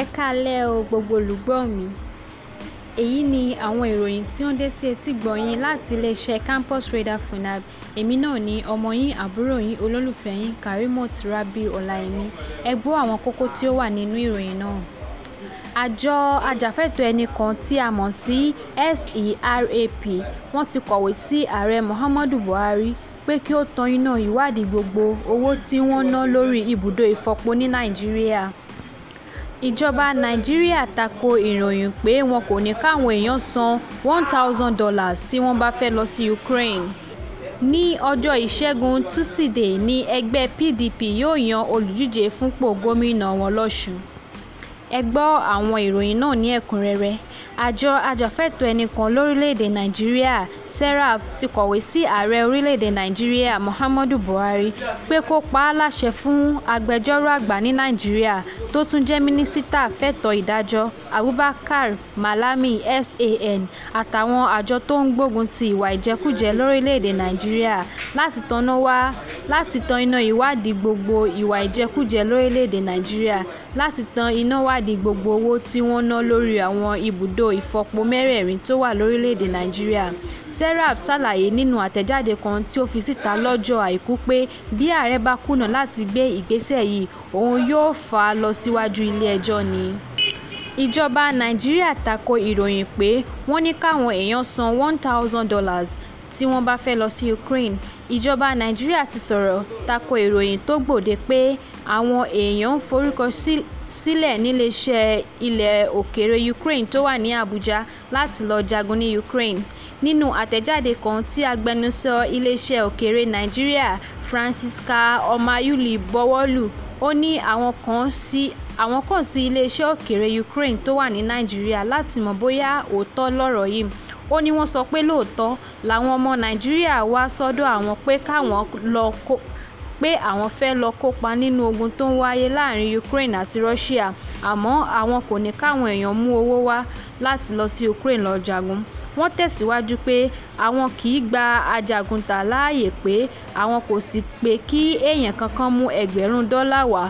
Ẹ káalẹ́ o gbogbo olùgbọ́ mi. Èyí ni àwọn ìròyìn tí ó ń dé sí etígbọ̀ọ́ yín láti iléeṣẹ́ Campus Radar Funab. Èmi náà ni ọmọ yín àbúrò yín olólùfẹ́ yín Karimot Rabiu Ọláyẹmí. Ẹ gbọ́ àwọn kókó tí ó wà nínú ìròyìn náà. Àjọ ajàfẹ́tọ̀ọ́ ẹni kan tí a mọ̀ sí SERAP wọ́n ti kọ̀wé sí Ààrẹ Muhammadu Buhari pé kí ó tan iná ìwádìí gbogbo owó tí wọ́n ná lórí ibùdó ìfọpo ní Nàìjíríà. Ìjọba Nàìjíríà tako ìròyìn pé wọn kò ní káwọn èèyàn san dollars tí wọ́n bá fẹ́ lọ sí Ukraine. Ní ọjọ́ Ìṣẹ́gun túsídéé ni ẹgbẹ́ PDP yóò yan olùdíje fúnpò gómìnà wọn lọ́sùn. Ẹ gbọ́ àwọn ìròyìn náà ní ẹ̀kúnrẹ́rẹ́ àjọ ajàfẹ́tọ̀ọ́ ẹnìkan lórílẹ̀‐èdè nàìjíríà serap ti kọ̀wé sí ààrẹ orílẹ̀‐èdè nàìjíríà muhammadu buhari pé kó pa á láṣẹ fún agbẹjọ́rò àgbà ní nàìjíríà tó tún jẹ́ mínísítà fẹ̀tọ́ ìdájọ́ abubakar malami san àtàwọn àjọ tó ń gbógun ti ìwà ìjẹkújẹ lórílẹ̀‐èdè nàìjíríà láti tanná wá láti tan iná ìwádìí gbogbo ìwà ìjẹkújẹ lórílẹ̀-èdè Nàìjíríà, láti tan iná wádìí gbogbo owó tí wọ́n ná lórí àwọn ibùdó ìfọpo mẹ́rẹ̀ẹ̀rin tó wà lórílẹ̀-èdè Nàìjíríà. Serap ṣàlàyé nínú àtẹ̀jáde kan tí ó fi síta lọ́jọ́ Àìkú pé bí ààrẹ bá kùnà láti gbé ìgbésẹ̀ yìí, òun yóò fà á lọ síwájú ilé-ẹjọ́ ni. Ìjọba Nàìjíríà tako ìròyìn pé wọ́n ní káwọn èèyàn san $1000 tí wọ́n bá fẹ́ lọ sí Ukraine ìjọba Nàìjíríà ti sọ̀rọ̀ tako ìròyìn tó gbòde pé àwọn èèyàn ń forúkọ sílẹ̀ níléeṣẹ́ ilẹ̀ òkèèrè Ukraine tó wà ní Abuja láti lọ jagun ní Ukraine nínú àtẹ̀jáde kan tí agbẹnusọ iléeṣẹ́ òkèèrè Nàìjíríà Francisca Omayuli bọwọ́lù ó ní àwọn kan sí àwọn kan sí iléeṣẹ́ òkèèrè Ukraine tó wà ní Nàìjíríà láti mọ̀ bóyá òótọ́ lọ̀rọ̀ yìí ó ní wọ́n sọ pé lóòótọ́ làwọn ọmọ nàìjíríà wá sọ́dọ̀ àwọn pé káwọn lọ kó pé àwọn fẹ́ lọ kópa nínú ogun tó ń wáyé láàrin Ukraine àti Russia àmọ́ àwọn kò ní káwọn èèyàn mú owó wá láti lọ sí Ukraine lọ jagun wọ́n tẹ̀síwájú pé àwọn kì í gba ajagunta láàyè pé àwọn kò sì pé kí èèyàn kankan mú ẹgbẹ̀rún dọ́là wá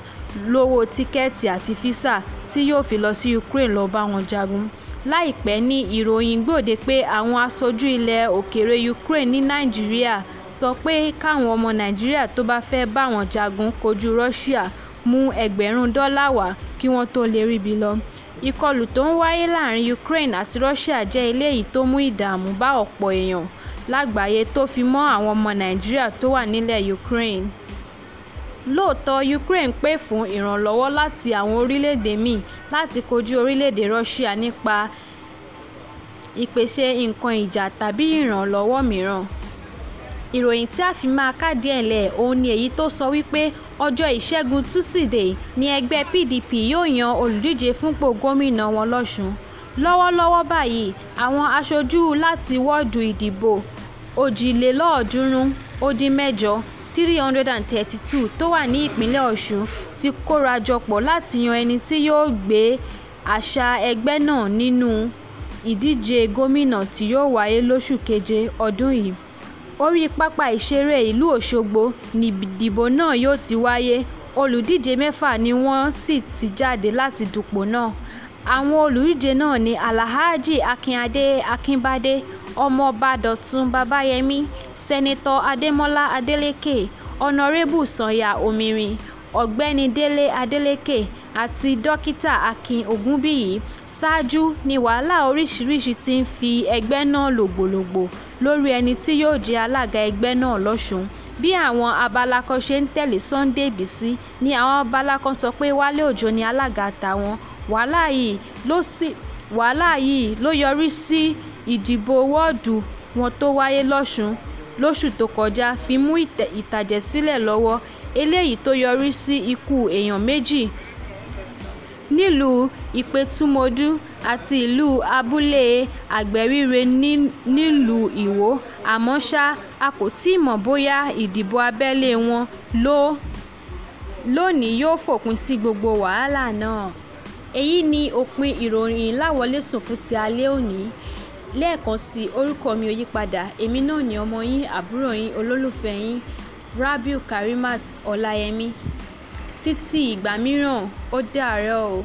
lówó tíkẹ́ẹ̀tì àti físà tí yóò fi lọ sí Ukraine lọ bá wọn jagun. Láìpẹ́ ní ìròyìn gbòde pé àwọn aṣojú ilẹ̀ òkèèrè Ukraine ní Nàìjíríà sọ pé káwọn ọmọ Nàìjíríà tó bá fẹ́ bá wọn jagun kojú Russia mú ẹgbẹ̀rún dọ́là wá kí wọ́n tó lè ríbi lọ. Ìkọlù tó ń wáyé láàrin Ukraine àti Russia jẹ́ eléyìí tó mú ìdààmú bá ọ̀pọ̀ èèyàn lágbàáyé tó fi mọ́ àwọn ọmọ Nàìjíríà tó wà nílẹ̀ Ukraine. Lóòótọ́, Ukraine pè fún ìrànlọ́wọ́ láti àwọn orílẹ̀-èdè míì láti kojú orílẹ̀-èdè Russia nípa ìpèsè nǹkan ìjà tàbí ìrànlọ́wọ́ mìíràn. Ìròyìn tí a fi máa kádìí ẹ̀ ńlẹ̀ ọ̀hún ni èyí tó sọ wípé ọjọ́ Ìṣẹ́gun Túsìdeè ni ẹgbẹ́ PDP yóò yan olùdíje fúnpò gómìnà wọn lọ́sùn. Lọ́wọ́lọ́wọ́ báyìí, àwọn aṣojú láti wọ́ọ̀dù ìdìbò òjìlélọ́ọ̀ọ́dúnrún ó dín mẹ́jọ three hundred and thirty-two tó wà ní ìpínlẹ̀ ọ̀ṣun ti kóra jọ pọ̀ láti yan ẹni tí yóò gbé àṣà ẹgbẹ́ náà nínú ìdíje gómìnà tí yóò wáyé lóṣù keje ọdún yìí orí pápá ìṣeré ìlú òṣogbo nìdìbò náà yóò ti wáyé olùdíje mẹ́fà ni wọ́n sì ti jáde láti dùpò náà àwọn olùdíje náà ni alhaji akínadé akínbádé ọmọọba dọ̀tun babayẹmí Sẹ́nétọ̀ Adémọ́lá Adeleke, Ọ̀nàrẹ́bù Sànyà Òmìrìn, Ọ̀gbẹ́ni Délé Adeleke àti Dókítà Akin Ògúnbíyì ṣáájú ni wàhálà oríṣiríṣi ti ń fi ẹgbẹ́ náà lògbòlògbò lórí ẹni tí yóò jẹ́ alága ẹgbẹ́ náà lọ́sùn bí àwọn abala kan ṣe ń tẹ̀lé Sunday Bisi ni àwọn abala kan sọ pé Wálé Òjó ni alága tàwọn wàhálà yìí ló sì wàhálà yìí ló yọrí sí ìdìbò wọ́ọ̀dù wọn tó wáyé lọ́sùn lóṣù tó kọjá fi mú ìtàjẹ̀sílẹ̀ lọ́wọ́ eléyìí tó yọrí sí ikú èèyàn méjì nílùú ìpẹ̀tùmọ̀dù àti ìlú abúlé àgbẹ̀ríre nílùú ìwó àmọ́ ṣá a kò tíì mọ̀ bóyá ìdìbò abẹ́lé wọn ló lónìí yóò fòpin sí gbogbo wàhálà náà èyí ni òpin ìròyìn láwọlé sùn fún ti alẹ́ òní lẹ́ẹ̀kan sí i orúkọ mi ò yípadà èmi náà ni ọmọ yín àbúrò yín olólùfẹ́ yín Rabiu Karimat Ọláyẹmí títí ìgbà mìíràn ó dàárọ̀ o.